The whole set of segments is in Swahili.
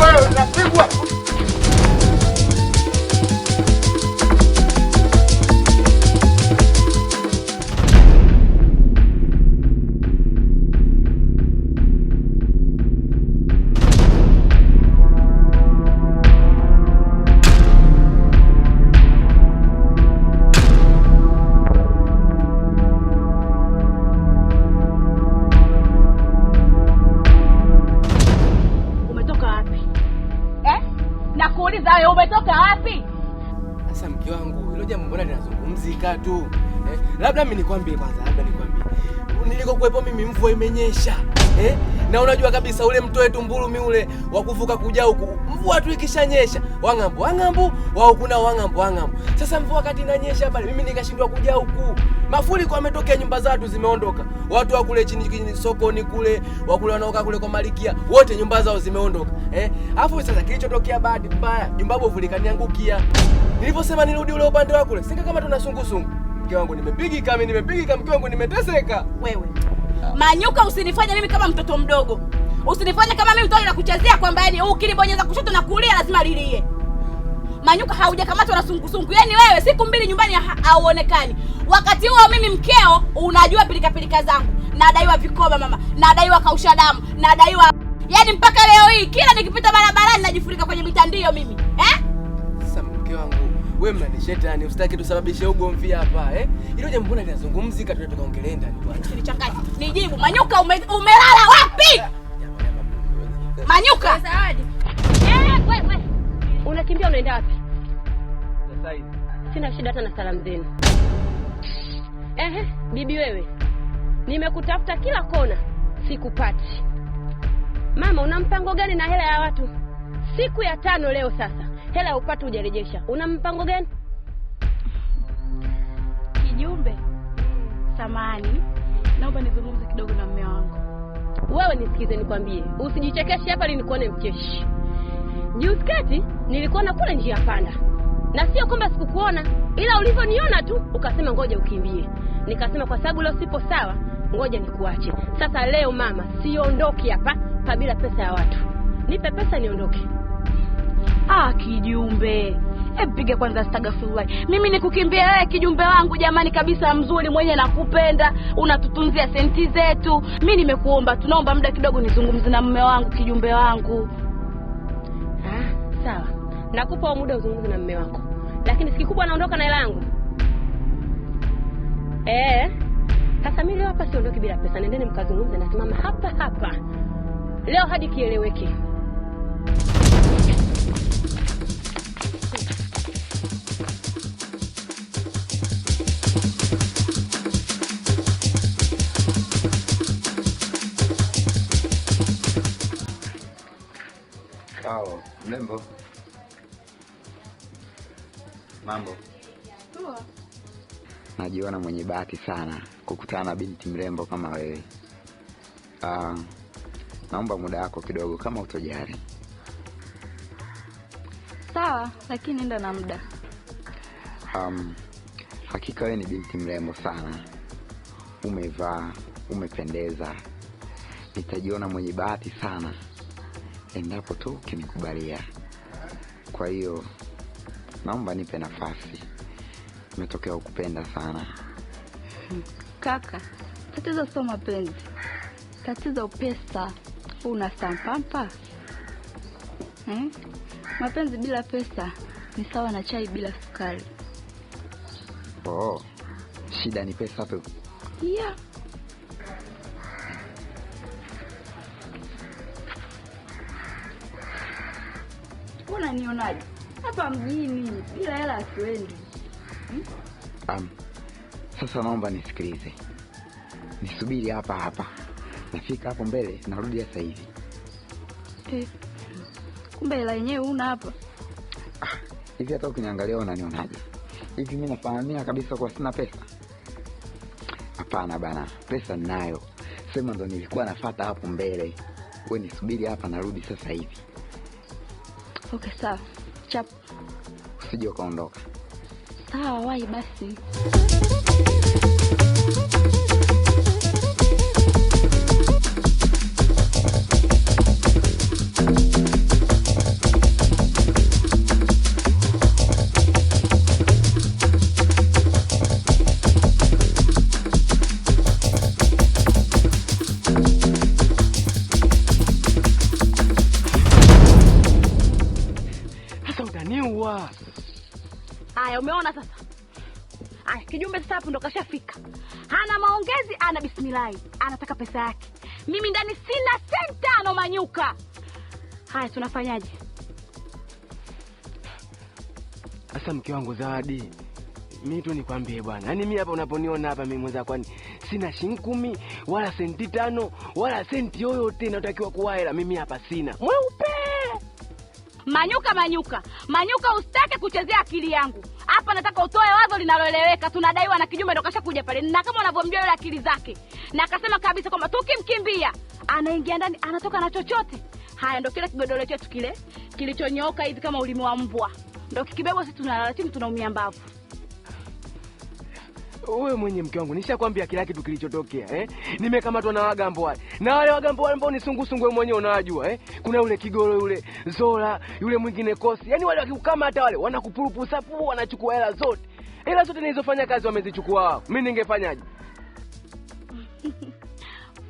Wewe napigwa mke wangu, hilo jambo mbona linazungumzika tu eh? Labda mimi nikwambie kwanza, labda nikwambie nilikokuwepo mimi mvua imenyesha eh? na unajua kabisa ule mtoe tumbulu mi ule wa kuvuka kuja huku, mvua tu ikishanyesha wang'ambu wang'ambu wao kuna wang'ambu wang'ambu. Sasa mvua wakati inanyesha pale, mimi nikashindwa kuja huku mafuli kwa ametokea, nyumba zatu zimeondoka, watu wa kule chini sokoni kule, wa kule wanaoka kule kwa Malikia, wote nyumba zao zimeondoka eh. Afu sasa kilichotokea bahati mbaya, jumba bovu likaniangukia. Nilivyosema nirudi ule upande wa kule, sika kama tunasungusungu Mke wangu nimepigika, mimi nimepigika, mke wangu nimeteseka. Wewe ah. Manyuka, usinifanye mimi kama mtoto mdogo, usinifanye kama mimi mtoto nakuchezea, kwamba yani ukilibonyeza kushoto na kulia lazima lilie. Manyuka haujakamatwa na sungusungu, yaani wewe siku mbili nyumbani hauonekani. Wakati huo mimi mkeo, unajua pilikapilika zangu, nadaiwa vikoba mama, nadaiwa kausha damu, nadaiwa yaani mpaka leo hii kila nikipita barabarani najifurika kwenye mitandio mimi eh? Sasa mke wangu wewe mnanishetani, usitaki tusababishe ugomvi hapa eh? Hilo jambo mbona linazungumzika? Tunatoka ndani bwana, usinichanganye nijibu. Manyuka ume, umelala wapi? Manyuka Zawadi, eh, wewe Unakimbia unaenda wapi? Sina shida hata na salamu zenu. Ehe, bibi wewe, nimekutafuta kila kona, sikupati. Mama, una mpango gani na hela ya watu? Siku ya tano leo sasa, hela upate ujarejesha una mpango gani? Kijumbe, Samani. naomba nizungumze kidogo na mume wangu. Wewe nisikize, nikwambie, usijichekeshe hapa ili nikuone mcheshi. Juzi kati nilikuwa kule njia panda, na sio kwamba sikukuona, ila ulivyoniona tu ukasema ngoja ukimbie. Nikasema kwa sababu leo sipo sawa, ngoja nikuache. Sasa leo mama, siondoki hapa bila pesa ya watu, nipe pesa niondoke. Ah, kijumbe Mpiga kwanza stagafullah. Mimi nikukimbia wewe kijumbe wangu jamani, kabisa mzuri mwenye nakupenda, unatutunzia senti zetu. Mimi nimekuomba, tunaomba muda kidogo nizungumze na mume wangu kijumbe wangu. Sawa, nakupa muda uzungumze na mume wako, lakini sikikubwa naondoka na hela yangu. Eh, sasa mimi leo hapa siondoki bila pesa. Nendeni mkazungumze, nasimama hapa hapa leo hadi kieleweke. Mrembo, mambo? Poa. Najiona mwenye bahati sana kukutana na binti mrembo kama wewe. Uh, naomba muda wako kidogo kama utojari. Sawa, lakini nenda na muda. Um, hakika wewe ni binti mrembo sana, umevaa, umependeza. Nitajiona mwenye bahati sana endapo tu ukinikubalia. Kwa hiyo naomba nipe nafasi, umetokea ukupenda sana kaka. Tatizo sio mapenzi, tatizo pesa. Una sampampa hmm? Mapenzi bila pesa ni sawa na chai bila sukari. Oh, shida ni pesa tu. Yeah. unanionaje hapa mjini bila hela hmm? Um, sasa naomba nisikilize, nisubiri hapa hapa, nafika hapo mbele, narudi sasa hivi eh. Kumbe hela yenyewe una hapa ah, hivi. Ah, hata ukiniangalia unanionaje hivi? Mimi nafahamia kabisa kwa sina pesa? Hapana bana, pesa ninayo, sema ndo nilikuwa nafata hapo mbele. We nisubiri hapa, narudi sasa hivi. Okay, sawa. Chap. Usije ukaondoka. Sawa, wai basi. Julai anataka pesa yake, mimi ndani sina senta ano Manyuka, haya tunafanyaje sasa? Mke wangu Zawadi, mi tu nikwambie bwana, yaani mi hapa unaponiona hapa mi mwenza, kwani sina shilingi kumi wala senti tano wala senti yoyote inayotakiwa kuwaela Mimi hapa sina mweupe. Manyuka, Manyuka, Manyuka, usitake kuchezea akili yangu hapa nataka utoe wazo linaloeleweka, tunadaiwa na Kijume ndo kashakuja pale, na kama unavyomjua yule akili zake, na akasema kabisa kwamba tukimkimbia anaingia ndani anatoka na chochote. Haya ndo kile kigodoro chetu kile kilichonyoka hivi kama ulimi wa mbwa, ndo kikibebwa sisi tunalala timu tunaumia mbavu wewe mwenye mke wangu nishakwambia kila kitu kilichotokea eh? Nimekamatwa na wagambo wale na wale wagambo wale ambao ni sungu sungu, wewe mwenyewe unajua eh? Kuna yule Kigoro yule Zola yule mwingine Kosi, yani wale wakiukamata wale wanakupurupusa pu, wanachukua hela zote, hela zote nilizofanya kazi wamezichukua wao. Mimi ningefanyaje?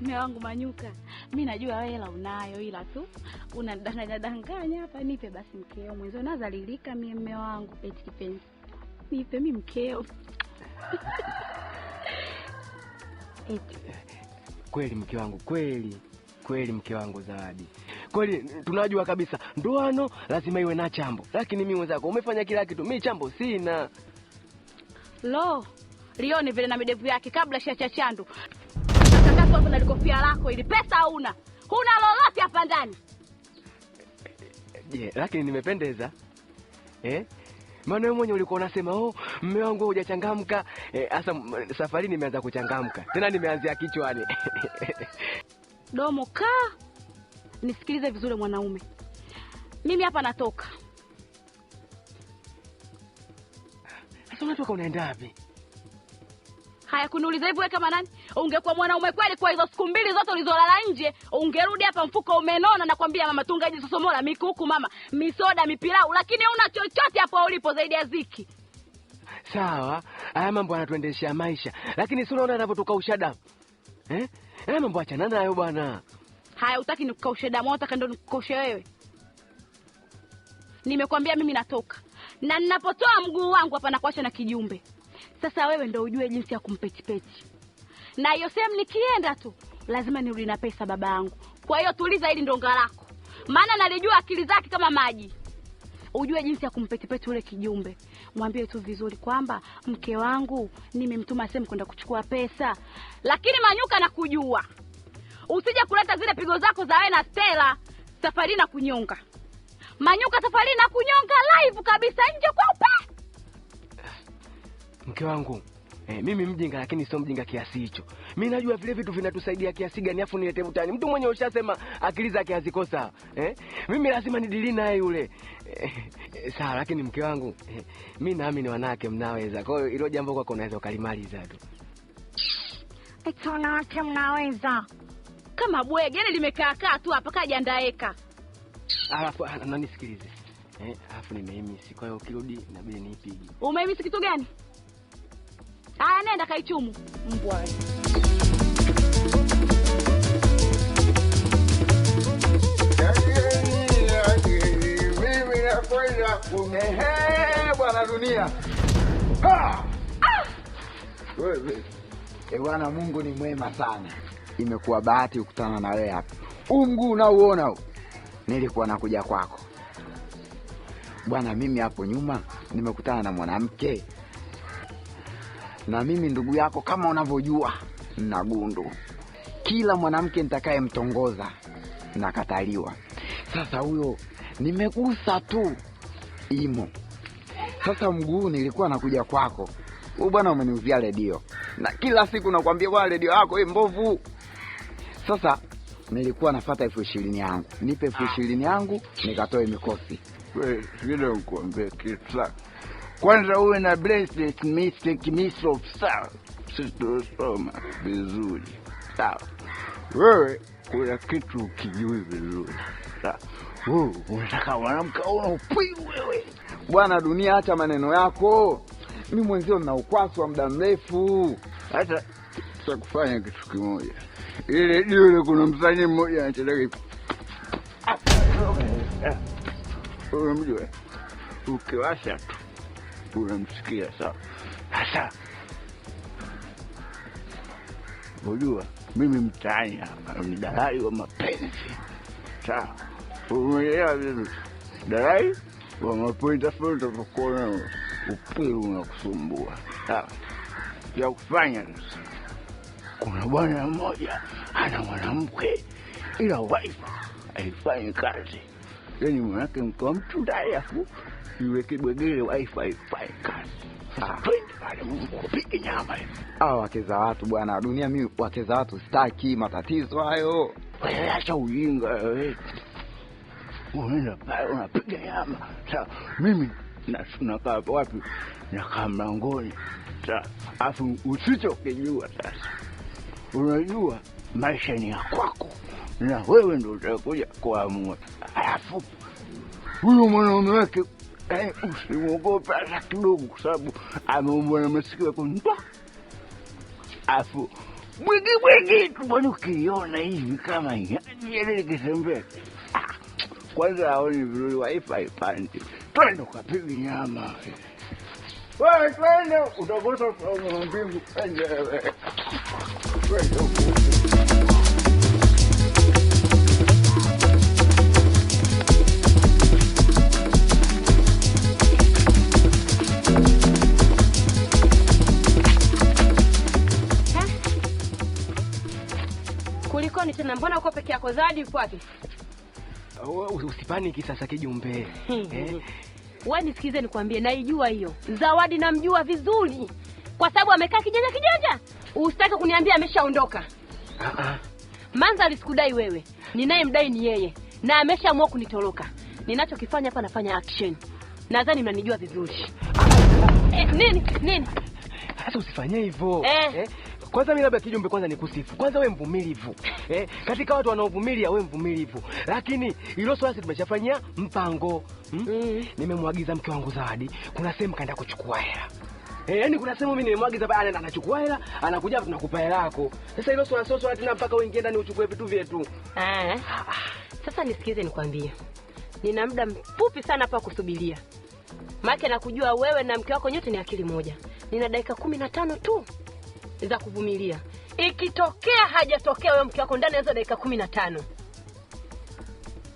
Mume wangu Manyuka, mi najua wewe hela unayo, ila tu unadanganya danganya hapa. Nipe basi mkeo mwenzio, nazalilika mie. Mme wangu eti kipenzi, nipe mi mkeo Kweli mke wangu, kweli kweli, mke wangu Zawadi, kweli tunajua kabisa ndoano lazima iwe na chambo, lakini mimi mwenzako umefanya kila kitu, mi chambo sina. Lo, lioni vile na midevu yake kabla shachachandu chandu na likofia lako ili pesa una huna lolote hapa ndani. Je, lakini nimependeza eh? maana wewe mwenyewe ulikuwa unasema oh, mume wangu hujachangamka. Sasa eh, eh, safari nimeanza kuchangamka tena, nimeanzia kichwani domo. Kaa nisikilize vizuri mwanaume, mimi hapa natoka. Sasa unatoka unaenda wapi? Haya, kuniuliza hivyo kama nani? Ungekuwa mwanaume kweli, kwa hizo siku mbili zote ulizolala nje, ungerudi hapa mfuko umenona. na kwambia mama, tungaje sosomola, mikuku mama, misoda, mipilau, lakini una chochote hapo ulipo zaidi ya ziki. Sawa, haya mambo yanatuendeshea maisha, lakini si unaona anavyotukausha damu eh? Haya mambo achana nayo bwana. Haya, utaki nikukaushe damu, unataka ndo nikukaushe wewe? Nimekwambia mimi natoka na ninapotoa mguu wangu hapa nakuacha na kijumbe sasa wewe ndo ujue jinsi ya kumpetipeti, na hiyo sehemu nikienda tu lazima nirudi na pesa baba yangu. Kwa hiyo tuliza hili ndonga lako, maana nalijua akili zake kama maji. Ujue jinsi ya kumpetipeti ule kijumbe, mwambie tu vizuri kwamba mke wangu nimemtuma sehemu kwenda kuchukua pesa, lakini Manyuka kujua usije kuleta zile pigo zako za wewe na Stella safari na kunyonga Manyuka safari na kunyonga live kabisa nje kwa upa mke wangu eh, mimi mjinga lakini sio mjinga kiasi hicho. Mi najua vile vitu vinatusaidia kiasi gani, afu nilete utani. Mtu mwenye ushasema akili zake hazikosa eh? Mimi lazima nidili naye yule eh, eh, sawa. Lakini mke wangu eh, mi naamini wanawake mnaweza, kwa hiyo hilo jambo kwako unaweza ukalimaliza tu. Eti wanawake mnaweza kama bwege, yani limekaakaa tu hapa kaja ndaeka, alafu ah, nanisikilize eh, alafu nimeimisi, kwa hiyo ukirudi inabidi niipige. Umeimisi kitu gani? Aya, nenda kaichumu mbwa. Ah! Eh, bwana dunia. Mungu ni mwema sana. Imekuwa bahati kukutana na wewe hapa. Huu mguu unaouona huu, nilikuwa nakuja kwako bwana. Mimi hapo nyuma nimekutana na mwanamke na mimi ndugu yako, kama unavyojua gundu kila mwanamke nitakayemtongoza nakataliwa. Sasa huyo nimegusa tu imo. Sasa mguu nilikuwa nakuja kwako, u bwana umeniuzia redio na kila siku nakwambia bwana, redio yako i eh, mbovu. Sasa nilikuwa nafata elfu ishirini yangu, nipe elfu ishirini yangu nikatoe mikosi. Vile nikuambie kitu kwanza uwe na bracelet mystic miso, sawa? Sisi vizuri, sawa? Wewe kuna kitu ukijui vizuri, sawa? Unataka mwanamke unaupwi wewe bwana, dunia, hata maneno yako. Mi mwenzio na ukwaswa muda mrefu, hata takufanya kitu kimoja. Ile jule kuna msanii mmoja anachelewa ah! hivi ukiwasha tu unamsikia sawa. Sasa unajua mimi mtaani hapa ni dalali wa mapenzi sawa, umeelewa vizuri? Dalali wa mapenzi. Sasa utapokuona upili unakusumbua sawa, ya kufanya kuna bwana mmoja ana mwanamke ila wife haifanyi kazi, yani mwanake mke wa mtu ndani afu uweke bwegele nyama hawa wake za watu bwana, dunia mi wake za watu staki matatizo hayo. Acha ujinga unaenda pale unapiga nyama. Sa mimi nakaa wapi? Nakaa mlangoni. Sa afu usichokijua sasa, unajua maisha ni ya kwako na wewe ndo utakuja kuamua. Alafu huyu mwanaume wake eh, usimwogope hata kidogo, kwa sababu ameumwa na masikio yako nda, afu mwingi mwingi tuani, ukiiona hivi kama jelele yaani kitembea ah, kwanza, aoni vizuri, waifa haipandi. Twende ukapigi nyama, twende utakosa mbingu. Kulikoni tena, mbona uko peke yako? Zawadi yuko wapi? Usipaniki sasa kijumbe. Eh? Wewe nisikize nikwambie, naijua hiyo Zawadi, namjua vizuri kwa sababu amekaa kijanja kijanja. Usitaki kuniambia ameshaondoka? uh ah, -uh. Ah. Manza alisikudai wewe, mdai ni yeye, na ameshaamua kunitoroka. Ninachokifanya hapa, nafanya action. Nadhani mnanijua vizuri. Eh, nini nini sasa, usifanye hivyo eh. Eh? Kwanza mimi labda kijumbe, kwanza nikusifu kwanza, wewe mvumilivu eh, katika watu wanaovumilia wewe mvumilivu, lakini hilo swala sisi tumeshafanyia mpango hmm? mm. Nimemwagiza mke wangu Zawadi, kuna sehemu kaenda kuchukua hela eh, yani kuna sehemu mimi nimemwagiza pale, anaenda anachukua hela, anakuja hapa tunakupa hela yako. Sasa hilo swala sio swala tena mpaka wewe ndani uchukue vitu vyetu. Ah, eh. sasa nisikize nikwambie, nina muda mfupi sana hapa kusubiria, maana nakujua wewe na mke wako nyote ni akili moja. Nina dakika kumi na tano tu za kuvumilia. Ikitokea hajatokea wewe mke wako ndani ya dakika kumi na tano,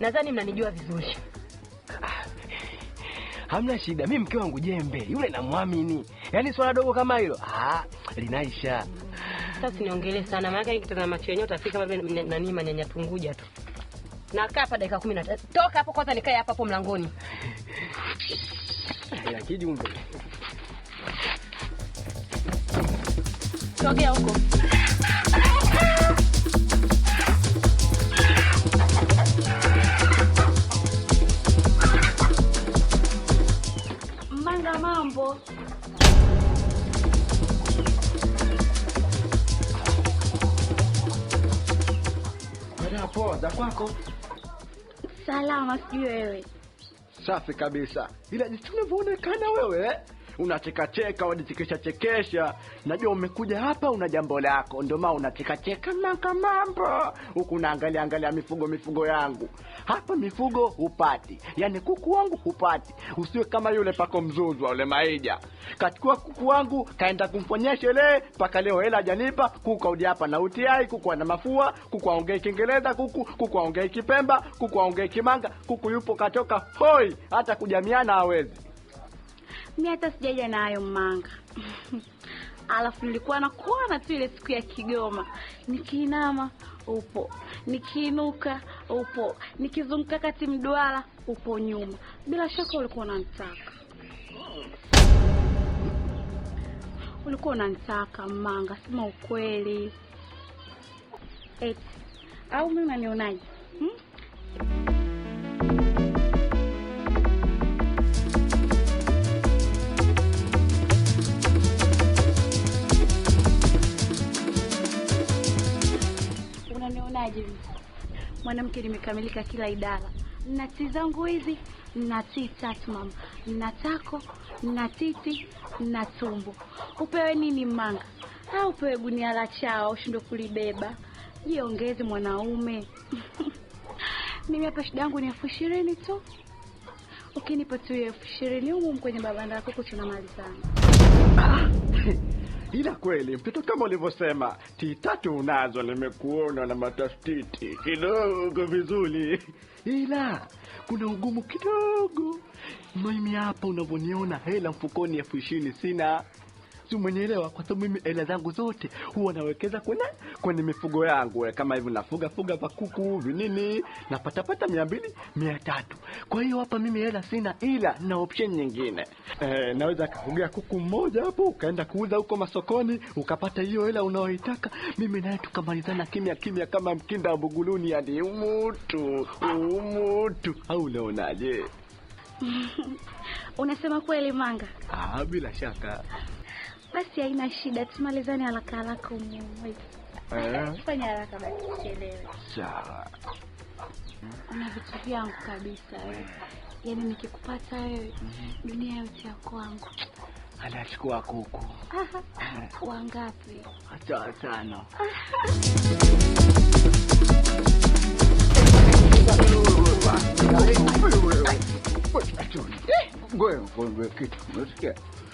nadhani mnanijua vizuri. Ah, hamna shida, mi mke wangu jembe yule namwamini, yaani swala dogo kama hilo ah, linaisha. Sasa siniongele sana, maana nikitazama macho yenyewe utafika kama nani manyanya tunguja tu. Nakaa hapa dakika kumi na tano. Toka hapo kwanza, nikae hapa hapo mlangoni. Sogea huko. Manga mambo. Poa, za kwako? Salama, sijui wewe. Safi kabisa. Ila jinsi tunavyoonekana wewe eh? unachekacheka, wanichekesha chekesha. Najua umekuja hapa una jambo lako, ndio maana unachekacheka maka mambo huku naangalia angalia mifugo mifugo yangu hapa, mifugo hupati, yani kuku wangu hupati. Usiwe kama yule pako mzuzwa ule Maija, kachukua kuku wangu kaenda kumfanyia sherehe, mpaka leo hela hajanipa. Kuku kaudi hapa na utiai, kuku ana mafua, kuku aongee Kiingereza, kuku kuku aongee Kipemba, kuku aongee Kimanga, kuku yupo katoka hoi, hata kujamiana hawezi mi hata sijaja nayo manga alafu nilikuwa nakuona tu ile siku ya Kigoma, nikiinama upo, nikiinuka upo, nikizunguka kati mduara upo nyuma. Bila shaka ulikuwa unanitaka, ulikuwa unanitaka Manga, sema ukweli. Eti au mimi unanionaje? unanionaje? Mwanamke nimekamilika kila idara, na ti zangu hizi na ti tatu mama, na tako na titi na tumbo. Upewe nini manga? Au upewe gunia la chao ushindwe kulibeba? Jiongeze mwanaume. Mimi hapa shida yangu ni elfu ishirini tu. Ukinipa tu elfu ishirini humu kwenye babanda yako tunamalizana. Ila kweli mtoto, kama ulivyosema, titatu unazo, nimekuona na matastiti kidogo vizuri, ila kuna ugumu kidogo. Mimi hapa unavyoniona, hela mfukoni elfu ishirini sina si mwenyeelewa, Kwa sababu mimi hela zangu zote huwa nawekeza kwenye kwenye mifugo yangu, eh, kama hivi nafuga fuga pa kuku vinini, napatapata mia mbili mia tatu. Kwa hiyo hapa mimi hela sina, ila na option nyingine e, naweza kafugia kuku mmoja hapo ukaenda kuuza huko masokoni ukapata hiyo hela unaoitaka. Mimi naye tukamalizana kimya kimya kama mkinda wa buguluni, yani umutu umutu, au unaonaje? Unasema kweli Manga? Ah, bila shaka. Basi haina shida, tumalizane haraka haraka umumu. Eh? Fanya haraka basi, chelewe. Sawa. Una vitu vyangu kabisa wewe. Eh. Yaani nikikupata wewe mhm. dunia yote yako wangu. Anachukua kuku. Eh. Wangapi? Hata watano. ngoe ngoja kitu, unasikia?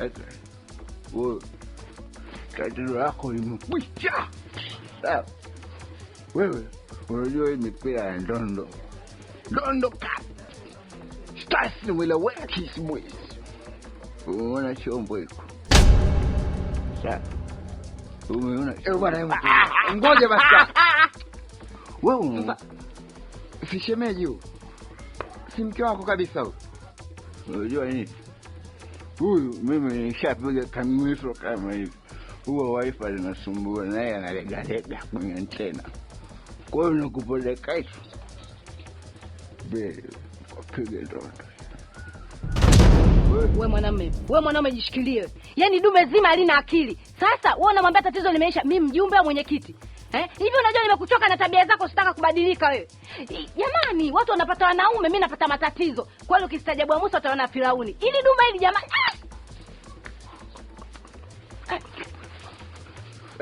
Ete. Wewe. Tatizo lako imekwisha. Sawa. Wewe unajua hii mipira ya ndondo. Dondoka. Stasi mweleweki simwezi. Umeona chombo hiko. Sawa. Umeona. Eh, bwana ah, ah, ah, ngoja basi. Wewe si shemeji huyo, si mke wako kabisa huyo. Unajua nini? huyu mimi nishapiga kamiso kama hivi, huo waifa linasumbua naye analegalega kwenye antena. Kwa hiyo nakupeleka bele, kapiga ndoto we mwanaume, we mwanaume, jishikilie. Yaani dume zima halina akili. Sasa wewe unamwambia tatizo limeisha, mimi mjumbe wa mwenyekiti Eh? Hivi unajua nimekuchoka na tabia zako, sitaka kubadilika wewe. Jamani, watu wanapata wanaume, mimi napata matatizo. Kwa hiyo ukistaajabu Musa utaona Firauni. Ili dume hili jamani, ah!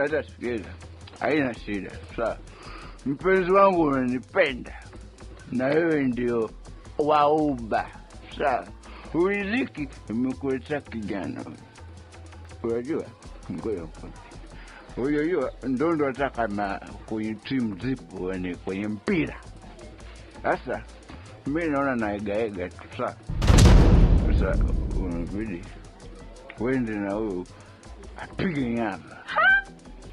hata sikiza, haina shida. Sasa mpenzi wangu, unanipenda na wewe ndio wauba. Sasa riziki imekuleta kijana unajua ngoja huyo ndondo ndo ndo ataka ma kwenye timu zipo ni kwenye mpira. Sasa mi naona naegaega tu saa sasa, unabidi wende na huyu apige nyama.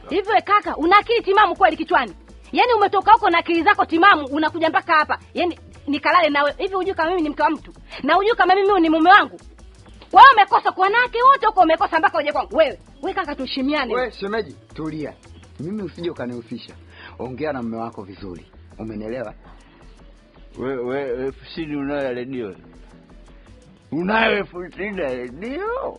Hivyo eh, kaka, una akili timamu kweli kichwani? Yaani umetoka huko na akili zako timamu unakuja mpaka hapa, yaani nikalale nawe hivi? Hujui kama mimi ni mke wa mtu na hujui kama mimi ni mume wangu? Wewe umekosa kwa wanawake wote huko, umekosa mpaka uje kwangu wewe. Wewe kaka, tuheshimiane. Wewe shemeji, tulia, mimi usije ukanihusisha. Ongea na mume wako vizuri, umenelewa Wewe wewe, fusini unayo redio unayo ya redio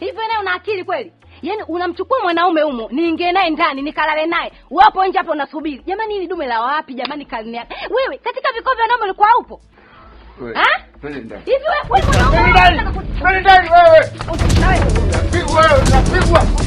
hivyo? Naye una akili kweli? Yaani unamchukua mwanaume humo, niingie naye ndani, nikalale naye. Wapo nje hapo unasubiri. Jamani hili dume la wapi? Jamani Kazini yake Wewe katika vikao vya wanaume ulikuwa upo? Ah? Hivi wewe kwani Ndani Wewe. Wewe. ndani unapigwa.